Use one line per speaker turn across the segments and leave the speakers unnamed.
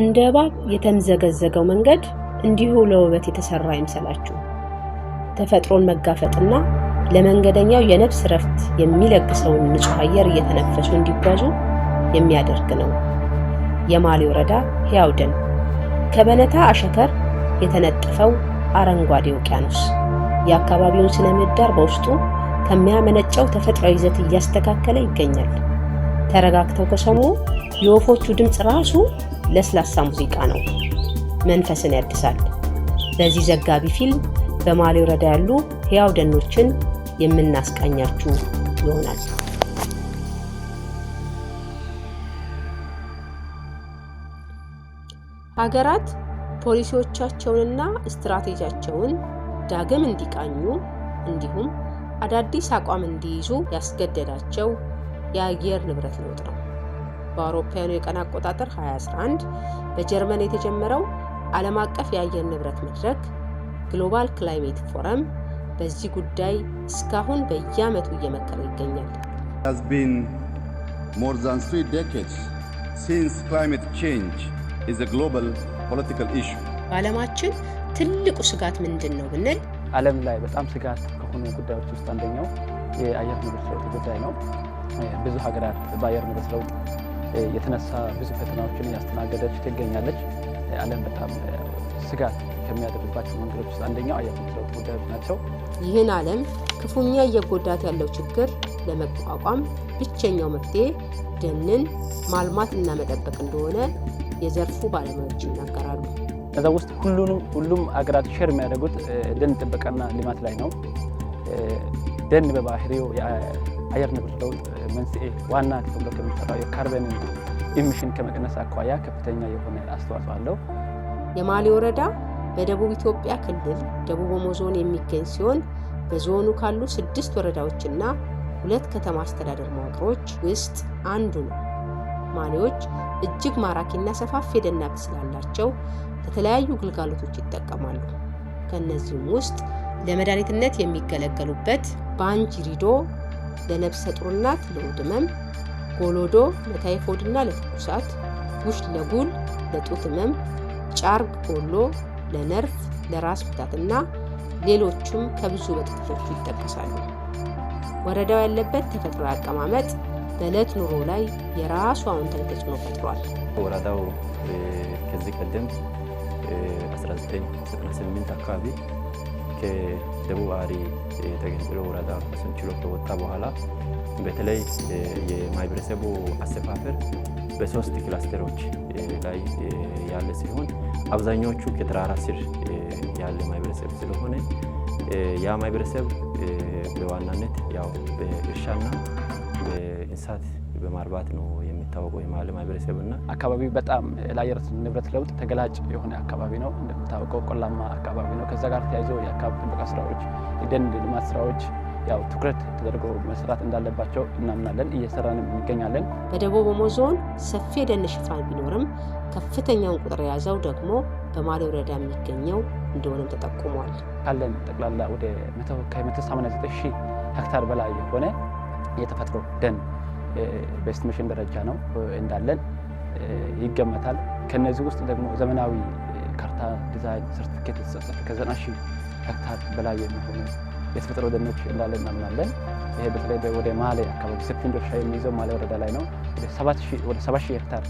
እንደ እባብ የተምዘገዘገው መንገድ እንዲሁ ለውበት የተሰራ አይምሰላችሁ። ተፈጥሮን መጋፈጥና ለመንገደኛው የነፍስ ረፍት የሚለግሰውን ንጹህ አየር እየተነፈሱ እንዲጓዙ የሚያደርግ ነው። የማሌ ወረዳ ሕያው ደን ከበነታ አሸከር የተነጠፈው አረንጓዴ ውቅያኖስ የአካባቢውን ስነ ምህዳር በውስጡ ከሚያመነጨው ተፈጥሯዊ ይዘት እያስተካከለ ይገኛል። ተረጋግተው ከሰሙ የወፎቹ ድምፅ ራሱ ለስላሳ ሙዚቃ ነው፣ መንፈስን ያድሳል። በዚህ ዘጋቢ ፊልም በማሌ ወረዳ ያሉ ሕያው ደኖችን የምናስቃኛችሁ ይሆናል።
ሀገራት ፖሊሲዎቻቸውንና ስትራቴጂያቸውን ዳግም እንዲቃኙ እንዲሁም አዳዲስ አቋም እንዲይዙ ያስገደዳቸው የአየር ንብረት ለውጥ ነው። በአውሮፓውያኑ የቀን አቆጣጠር 2011 በጀርመን የተጀመረው ዓለም አቀፍ የአየር ንብረት መድረክ ግሎባል ክላይሜት ፎረም በዚህ ጉዳይ እስካሁን በየዓመቱ እየመከረ ይገኛል። በዓለማችን ትልቁ ስጋት ምንድን ነው ብንል
ዓለም ላይ በጣም ስጋት ከሆኑ ጉዳዮች ውስጥ አንደኛው የአየር ንብረት ለውጥ ጉዳይ ነው። ብዙ ሀገራት በአየር ንብረት ለውጥ የተነሳ ብዙ ፈተናዎችን እያስተናገደች ትገኛለች። ዓለም በጣም ስጋት ከሚያደርባቸው መንገዶች ውስጥ አንደኛው አየር ንብረት ጉዳዮች ናቸው።
ይህን ዓለም ክፉኛ እየጎዳት ያለው ችግር ለመቋቋም ብቸኛው መፍትሄ ደንን ማልማት እና መጠበቅ እንደሆነ የዘርፉ ባለሙያዎች ይናገራሉ።
ከዛ ውስጥ ሁሉም አገራት ሸር የሚያደርጉት ደን ጥበቃና ልማት ላይ ነው። ደን በባህሪው አየር ንብረት ለውጥ መንስኤ ዋና ተብሎ ከሚጠራው የካርበን ኢሚሽን ከመቀነስ አኳያ ከፍተኛ የሆነ አስተዋጽኦ አለው።
የማሌ ወረዳ በደቡብ ኢትዮጵያ ክልል ደቡብ ኦሞ ዞን የሚገኝ ሲሆን በዞኑ ካሉ ስድስት ወረዳዎችና ሁለት ከተማ አስተዳደር መዋቅሮች ውስጥ አንዱ ነው። ማሌዎች እጅግ ማራኪና ሰፋፊ የደን ሀብት ስላላቸው ለተለያዩ ግልጋሎቶች ይጠቀማሉ። ከእነዚህም ውስጥ
ለመድኃኒትነት የሚገለገሉበት
ባንጅሪዶ ለነብሰ ጡርናት እናት ለሆድ ህመም፣ ጎሎዶ ለታይፎይድና ለትኩሳት፣ ጉሽ ለጉል ለጡት ህመም፣ ጫርግ ጎሎ፣ ለነርፍ፣ ለራስ ምታትና ሌሎቹም ከብዙ በጥቂቶቹ ይጠቀሳሉ። ወረዳው ያለበት ተፈጥሮ አቀማመጥ በዕለት ኑሮ ላይ የራሱ አዎንታዊ ተጽዕኖ ፈጥሯል።
ወረዳው ከዚህ ቀደም 1998 አካባቢ ደቡብ አሪ ተገንጥሎ ወረዳ ራሱን ችሎ ከወጣ በኋላ በተለይ የማህበረሰቡ አሰፋፈር በሶስት ክላስተሮች ላይ ያለ ሲሆን አብዛኛዎቹ ከተራራ ስር ያለ ማህበረሰብ ስለሆነ ያ ማህበረሰብ በዋናነት ያው በእርሻና በእንስሳት በማርባት ነው የማለ ማህበረሰብ እና አካባቢ በጣም ለአየር ንብረት ለውጥ ተገላጭ የሆነ አካባቢ ነው። እንደምታወቀው ቆላማ አካባቢ ነው። ከዛ ጋር ተያይዞ የአካባቢ ጥበቃ ስራዎች፣ የደን ልማት ስራዎች ያው ትኩረት ተደርጎ መስራት እንዳለባቸው እናምናለን፣ እየሰራንም እንገኛለን።
በደቡብ ኦሞ ዞን ሰፊ የደን ሽፋን ቢኖርም ከፍተኛውን ቁጥር የያዘው ደግሞ በማሌ ወረዳ የሚገኘው እንደሆነም ተጠቁሟል።
ካለን ጠቅላላ ወደ ከ189 ሺህ ሄክታር በላይ የሆነ የተፈጥሮ ደን በኤስቲሜሽን ደረጃ ነው እንዳለን ይገመታል። ከነዚህ ውስጥ ደግሞ ዘመናዊ ካርታ ዲዛይን ሰርቲፊኬት የተሰጠ ከዘጠና ሺህ ሄክታር በላይ የሚሆኑ የተፈጥሮ ደኖች እንዳለ እናምናለን። ይሄ በተለይ ወደ ማሌ አካባቢ ሰፊ ድርሻ የሚይዘው ማሌ ወረዳ ላይ ነው። ወደ ሰባት ሺህ ሄክታር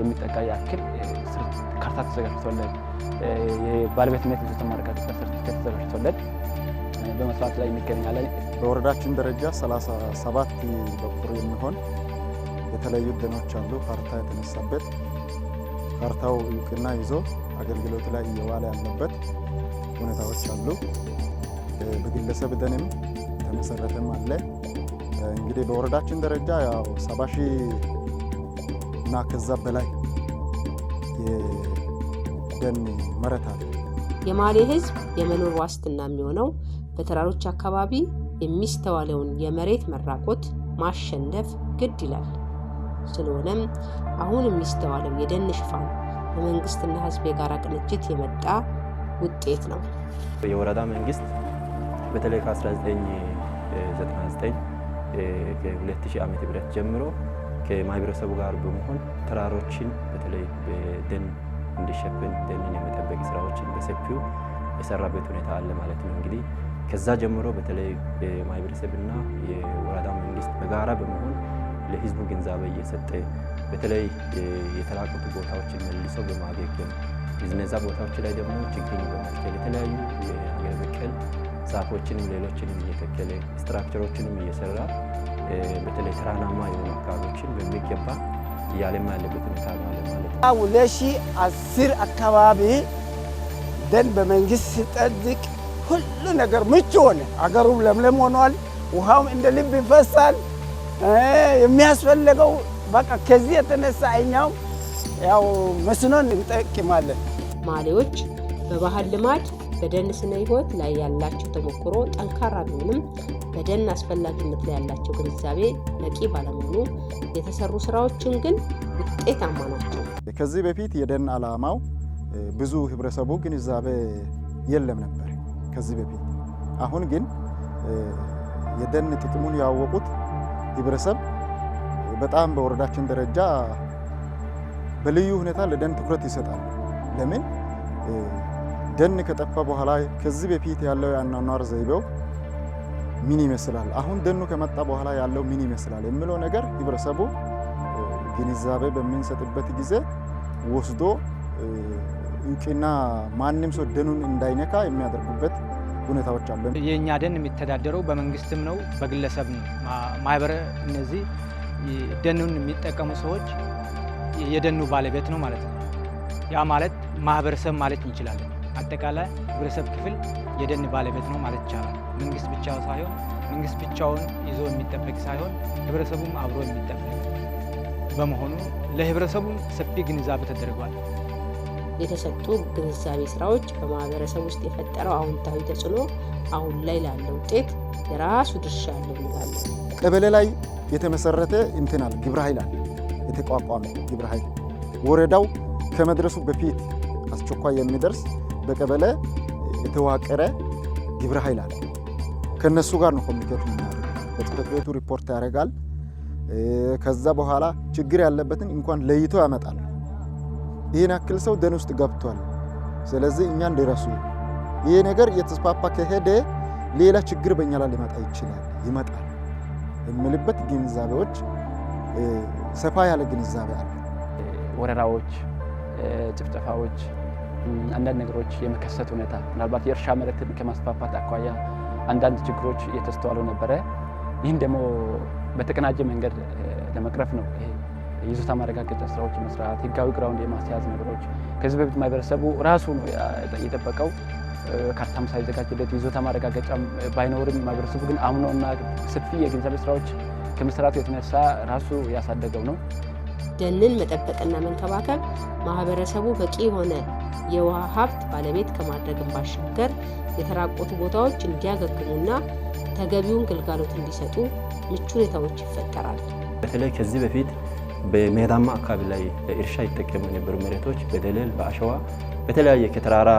የሚጠጋ ያክል ካርታ ተዘጋጅቶለን ባለቤትነት ይዞታ ማረጋገጫ ሰርቲፊኬት ተዘጋጅቶለን በመስራት ላይ እንገኛለን።
በወረዳችን ደረጃ 37 በቁጥር የሚሆን የተለያዩ ደኖች አሉ። ካርታ የተነሳበት ካርታው እውቅና ይዞ አገልግሎት ላይ እየዋለ ያለበት ሁኔታዎች አሉ። በግለሰብ ደንም የተመሰረተም አለ። እንግዲህ በወረዳችን ደረጃ ያው ሰባ ሺህ እና ከዛ በላይ የደን መሬት አለ።
የማሌ ሕዝብ የመኖር ዋስትና የሚሆነው በተራሮች አካባቢ የሚስተዋለውን የመሬት መራቆት ማሸነፍ ግድ ይላል። ስለሆነም አሁን የሚስተዋለው የደን ሽፋን በመንግስትና ህዝብ የጋራ ቅንጅት የመጣ ውጤት ነው።
የወረዳ መንግስት በተለይ ከ1999 ከ2000 ዓ. ምህረት ጀምሮ ከማህበረሰቡ ጋር በመሆን ተራሮችን በተለይ በደን እንዲሸፍን ደንን የመጠበቅ ስራዎችን በሰፊው የሰራበት ሁኔታ አለ ማለት ነው እንግዲህ ከዛ ጀምሮ በተለይ የማህበረሰብና የወረዳ መንግስት በጋራ በመሆን ለህዝቡ ግንዛቤ እየሰጠ በተለይ የተላቀቁ ቦታዎችን መልሶ በማገገም እነዛ ቦታዎች ላይ ደግሞ ችግኝ በመትከል የተለያዩ የሀገር በቀል ዛፎችንም ሌሎችንም እየተከለ ስትራክቸሮችንም እየሰራ በተለይ ተራናማ የሆኑ አካባቢዎችን በሚገባ እያለማ ያለበት ሁኔታ ነው ማለት
ነው። ሁለት ሺህ አስር አካባቢ ደን በመንግስት ስጠድቅ። ሁሉ ነገር ምቹ ሆነ። አገሩም ለምለም ሆኗል። ውሃውም እንደ ልብ ይፈሳል። የሚያስፈልገው በቃ ከዚህ የተነሳ እኛውም ያው መስኖን እንጠቅማለን።
ማሌዎች በባህል ልማድ፣ በደን ስነ ህይወት ላይ ያላቸው ተሞክሮ ጠንካራ ቢሆንም በደን አስፈላጊነት ላይ ያላቸው ግንዛቤ በቂ ባለመሆኑ የተሰሩ ስራዎችን ግን ውጤታማ ናቸው።
ከዚህ በፊት የደን አላማው ብዙ ህብረተሰቡ ግንዛቤ የለም ነበር። ከዚህ በፊት አሁን ግን የደን ጥቅሙን ያወቁት ህብረተሰብ በጣም በወረዳችን ደረጃ በልዩ ሁኔታ ለደን ትኩረት ይሰጣል። ለምን ደን ከጠፋ በኋላ ከዚህ በፊት ያለው የአኗኗር ዘይቤው ምን ይመስላል፣ አሁን ደኑ ከመጣ በኋላ ያለው ምን ይመስላል የሚለው ነገር ህብረተሰቡ ግንዛቤ በምንሰጥበት ጊዜ ወስዶ እንጭና ማንም ሰው ደኑን እንዳይነካ የሚያደርጉበት ሁኔታዎች አሉ።
የእኛ ደን የሚተዳደረው በመንግስትም ነው በግለሰብ ነው። ማህበረ እነዚህ ደኑን የሚጠቀሙ ሰዎች የደኑ ባለቤት ነው ማለት ነው። ያ ማለት ማህበረሰብ ማለት እንችላለን። አጠቃላይ ህብረተሰብ ክፍል የደን ባለቤት ነው ማለት ይቻላል። መንግስት ብቻ ሳይሆን መንግስት ብቻውን ይዞ የሚጠበቅ ሳይሆን ህብረተሰቡም አብሮ የሚጠበቅ በመሆኑ ለህብረተሰቡ ሰፊ ግንዛቤ ተደርጓል።
የተሰጡ ግንዛቤ ስራዎች በማህበረሰብ ውስጥ የፈጠረው አዎንታዊ ተጽዕኖ አሁን ላይ ላለ ውጤት የራሱ ድርሻ አለው እንላለን።
ቀበሌ ላይ የተመሰረተ እንትናል ግብረ ኃይል አለ የተቋቋመ ግብረ ኃይል ወረዳው ከመድረሱ በፊት አስቸኳይ የሚደርስ በቀበሌ የተዋቀረ ግብረ ኃይል አለ። ከእነሱ ጋር ነው ኮሚኒኬት የምናደርገው። በጽሕፈት ቤቱ ሪፖርት ያደርጋል። ከዛ በኋላ ችግር ያለበትን እንኳን ለይቶ ያመጣል። ይህን ያክል ሰው ደን ውስጥ ገብቷል። ስለዚህ እኛ እንደራሱ ይሄ ነገር የተስፋፋ ከሄደ ሌላ ችግር በእኛ ላይ ሊመጣ ይችላል ይመጣል የምልበት ግንዛቤዎች ሰፋ ያለ ግንዛቤ አለ።
ወረራዎች፣ ጭፍጨፋዎች፣ አንዳንድ ነገሮች የመከሰት ሁኔታ ምናልባት የእርሻ መሬትን ከማስፋፋት አኳያ አንዳንድ ችግሮች እየተስተዋሉ ነበረ። ይህን ደግሞ በተቀናጀ መንገድ ለመቅረፍ ነው የይዞታ ማረጋገጫ ስራዎች መስራት፣ ህጋዊ ግራውንድ የማስያዝ ነገሮች ከዚህ በፊት ማህበረሰቡ ራሱ ነው የጠበቀው። ካርታም ሳይዘጋጅለት ይዞታ ማረጋገጫ ባይኖርም ማህበረሰቡ ግን አምኖና ሰፊ የግንዛቤ ስራዎች ከመስራቱ የተነሳ ራሱ ያሳደገው ነው።
ደንን መጠበቅና መንከባከብ ማህበረሰቡ በቂ የሆነ የውሃ ሀብት ባለቤት ከማድረግን ባሻገር የተራቆቱ ቦታዎች እንዲያገግሙና ተገቢውን ግልጋሎት እንዲሰጡ ምቹ ሁኔታዎች ይፈጠራል።
በተለይ ከዚህ በፊት በሜዳማ አካባቢ ላይ ለእርሻ ይጠቀሙ የነበሩ መሬቶች በደለል፣ በአሸዋ በተለያየ ከተራራ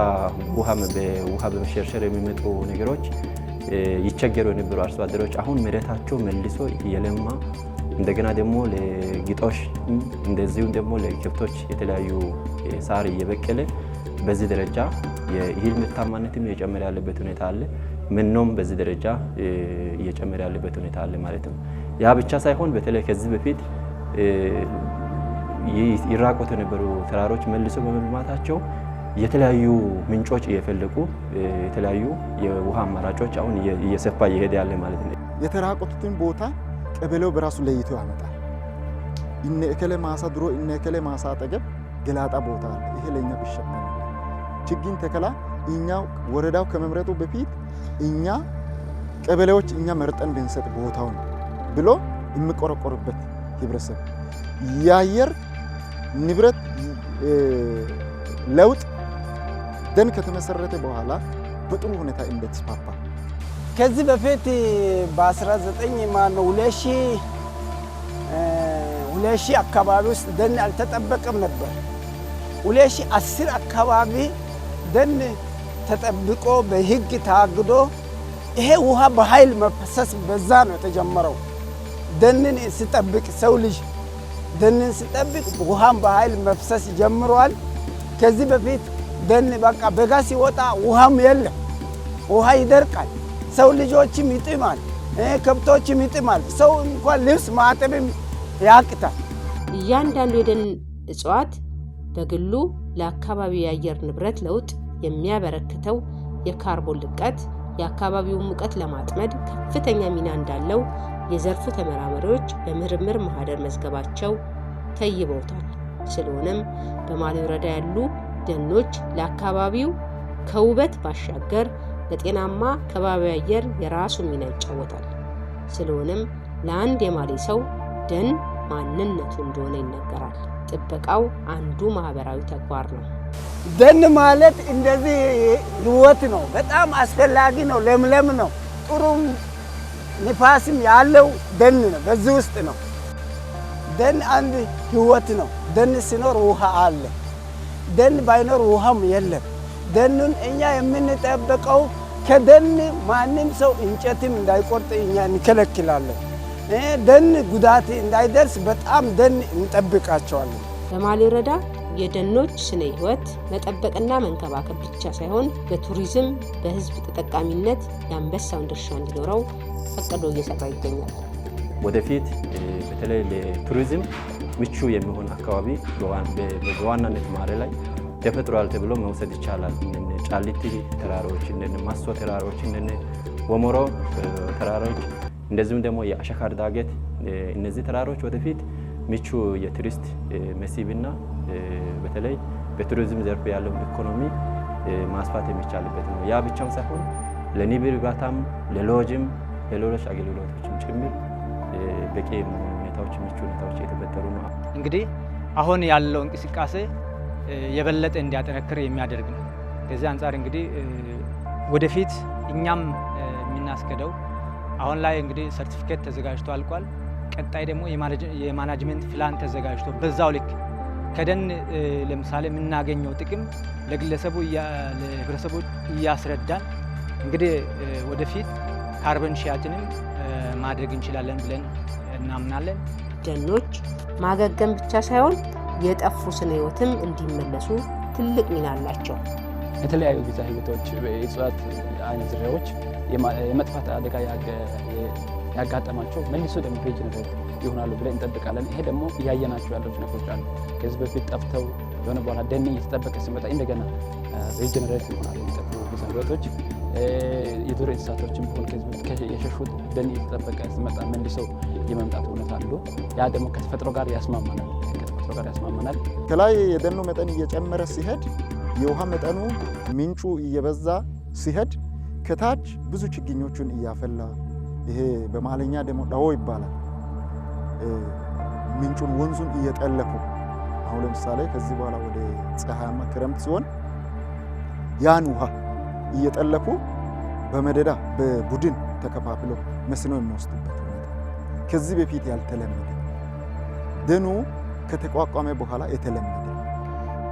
ውሃ በውሃ በመሸርሸር የሚመጡ ነገሮች ይቸገሩ የነበሩ አርሶ አደሮች አሁን መሬታቸው መልሶ እየለማ እንደገና ደግሞ ለግጦሽ እንደዚሁም ደግሞ ለከብቶች የተለያዩ ሳር እየበቀለ በዚህ ደረጃ የእህል ምርታማነትም እየጨመረ ያለበት ሁኔታ አለ። መኖም በዚህ ደረጃ እየጨመረ ያለበት ሁኔታ አለ ማለት ነው። ያ ብቻ ሳይሆን በተለይ ከዚህ በፊት ይራቆት የነበሩ ተራሮች መልሶ በመልማታቸው የተለያዩ ምንጮች እየፈለቁ የተለያዩ የውሃ አማራጮች አሁን እየሰፋ እየሄደ ያለ ማለት ነው።
የተራቆቱትን ቦታ ቀበሌው በራሱ ለይቶ ያመጣል። እነ እከሌ ማሳ ድሮ እነ እከሌ ማሳ አጠገብ ገላጣ ቦታ አለ፣ ይሄ ለእኛ ብሸፈን ችግኝ ተከላ እኛ ወረዳው ከመምረጡ በፊት እኛ ቀበሌዎች እኛ መርጠን ብንሰጥ ቦታውን ብሎ የሚቆረቆርበት ህብረተሰብ የአየር ንብረት ለውጥ ደን ከተመሰረተ በኋላ በጥሩ ሁኔታ እንደተስፋፋ
ከዚህ በፊት በ19 ማነው 2000 አካባቢ ውስጥ ደን አልተጠበቀም ነበር። 2010 አካባቢ ደን ተጠብቆ በህግ ታግዶ ይሄ ውሃ በኃይል መፈሰስ በዛ ነው የተጀመረው። ደንን ስጠብቅ ሰው ልጅ ደንን ስጠብቅ ውሃም በኃይል መፍሰስ ጀምሯል። ከዚህ በፊት ደን በቃ በጋ ሲወጣ ውሃም የለም፣ ውሃ ይደርቃል። ሰው ልጆችም ይጥማል፣ ከብቶችም ይጥማል። ሰው እንኳን ልብስ ማጠብም ያቅታል።
እያንዳንዱ የደን እጽዋት በግሉ ለአካባቢ የአየር ንብረት ለውጥ የሚያበረክተው የካርቦን ልቀት የአካባቢውን ሙቀት ለማጥመድ ከፍተኛ ሚና እንዳለው የዘርፉ ተመራማሪዎች በምርምር ማህደር መዝገባቸው ተይበውታል። ስለሆነም በማሌ ወረዳ ያሉ ደኖች ለአካባቢው ከውበት ባሻገር ለጤናማ ከባቢ አየር የራሱ ሚና ይጫወታል። ስለሆነም ለአንድ የማሌ ሰው ደን ማንነቱ እንደሆነ ይነገራል። ጥበቃው አንዱ ማህበራዊ ተግባር ነው።
ደን ማለት እንደዚህ ህይወት ነው። በጣም አስፈላጊ ነው። ለምለም ነው። ጥሩም ንፋስም ያለው ደን ነው። በዚህ ውስጥ ነው። ደን አንድ ህይወት ነው። ደን ሲኖር ውሃ አለ። ደን ባይኖር ውሃም የለም። ደኑን እኛ የምንጠብቀው ከደን ማንም ሰው እንጨትም እንዳይቆርጥ እኛ እንከለክላለን። ደን ጉዳት እንዳይደርስ በጣም ደን እንጠብቃቸዋለን።
በማሌ ወረዳ የደኖች ስነ ህይወት መጠበቅና መንከባከብ ብቻ ሳይሆን በቱሪዝም በህዝብ ተጠቃሚነት የአንበሳውን ድርሻ እንዲኖረው አቅዶ እየሰራ ይገኛል።
ወደፊት በተለይ ለቱሪዝም ምቹ የሚሆን አካባቢ በዋናነት ማረ ላይ ተፈጥሯል ተብሎ መውሰድ ይቻላል። ጫሊት ጫሊቲ ተራራዎች፣ ማሶ ተራራዎች፣ ወሞሮ ተራራዎች እንደዚሁም ደግሞ የአሸካር ዳገት እነዚህ ተራሮች ወደፊት ምቹ የቱሪስት መስህብና በተለይ በቱሪዝም ዘርፍ ያለውን ኢኮኖሚ ማስፋት የሚቻልበት ነው። ያ ብቻም ሳይሆን ለንብ እርባታም፣ ለሎጅም፣ ለሌሎች አገልግሎቶችም ጭምር በቂ ሁኔታዎች ምቹ ሁኔታዎች የተፈጠሩ ነው።
እንግዲህ አሁን ያለው እንቅስቃሴ የበለጠ እንዲያጠነክር የሚያደርግ ነው። ከዚህ አንጻር እንግዲህ ወደፊት እኛም የምናስገደው አሁን ላይ እንግዲህ ሰርቲፊኬት ተዘጋጅቶ አልቋል። ቀጣይ ደግሞ የማናጅመንት ፕላን ተዘጋጅቶ በዛው ልክ ከደን ለምሳሌ የምናገኘው ጥቅም ለግለሰቡ ለህብረተሰቡ እያስረዳን እንግዲህ ወደፊት ካርበን ሽያጭንም ማድረግ እንችላለን ብለን እናምናለን።
ደኖች ማገገም ብቻ ሳይሆን የጠፉ ስነ ህይወትም እንዲመለሱ ትልቅ ሚና አላቸው።
የተለያዩ ጊዜ ህይወቶች የእጽዋት አይነት ዝርያዎች የመጥፋት አደጋ ያጋጠማቸው መልሶ ደግሞ ፔጅ ነገር ይሆናሉ ብለን እንጠብቃለን። ይሄ ደግሞ እያየናቸው ያሉት ነገሮች አሉ። ከዚህ በፊት ጠፍተው የሆነ በኋላ ደን እየተጠበቀ ሲመጣ እንደገና ሬጀነሬት ይሆናሉ የሚጠቅሙ ብዝንረቶች የዱር እንስሳቶችን ቢሆን ከዚህ በፊት የሸሹት ደን እየተጠበቀ ሲመጣ መልሰው የመምጣት እውነት አሉ። ያ ደግሞ ከተፈጥሮ ጋር ያስማማናል ከተፈጥሮ ጋር ያስማማናል።
ከላይ የደኑ መጠን እየጨመረ ሲሄድ የውሃ መጠኑ ምንጩ እየበዛ ሲሄድ ከታች ብዙ ችግኞቹን እያፈላ ይሄ በማለኛ ደግሞ ዳዎ ይባላል። ምንጩን ወንዙን እየጠለፉ አሁን ለምሳሌ ከዚህ በኋላ ወደ ፀሐያማ ክረምት ሲሆን ያን ውሃ እየጠለፉ በመደዳ በቡድን ተከፋፍሎ መስኖ የሚወስዱበት ሁኔታ ከዚህ በፊት ያልተለመደ ደኑ ከተቋቋመ በኋላ የተለመደ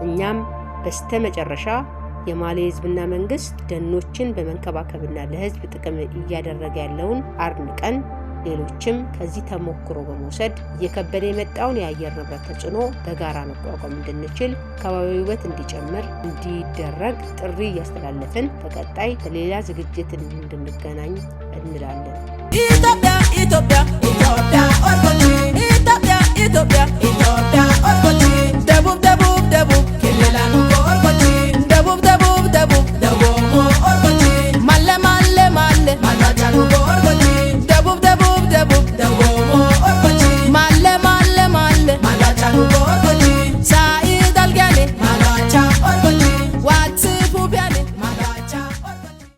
እኛም በስተ መጨረሻ የማሌ ህዝብና መንግስት ደኖችን በመንከባከብና ለህዝብ ጥቅም እያደረገ ያለውን አድንቀን ሌሎችም ከዚህ ተሞክሮ በመውሰድ እየከበደ የመጣውን የአየር ንብረት ተጽዕኖ በጋራ መቋቋም እንድንችል ከባቢው ውበት እንዲጨምር እንዲደረግ ጥሪ እያስተላለፍን በቀጣይ በሌላ ዝግጅት እንድንገናኝ እንላለን። ኢትዮጵያ ኢትዮጵያ ኢትዮጵያ